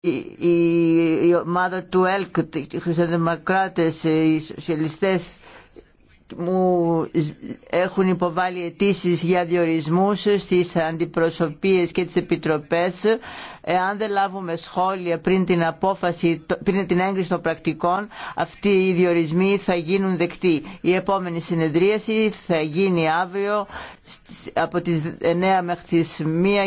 η, ομάδα του ΕΛΚ, οι χριστιανοδημοκράτες, οι σοσιαλιστές μου έχουν υποβάλει αιτήσει για διορισμούς στις αντιπροσωπείες και τις επιτροπές. Εάν δεν λάβουμε σχόλια πριν την, απόφαση, πριν την έγκριση των πρακτικών, αυτοί οι διορισμοί θα γίνουν δεκτοί. Η επόμενη συνεδρίαση θα γίνει αύριο από τις 9 μέχρι τις 1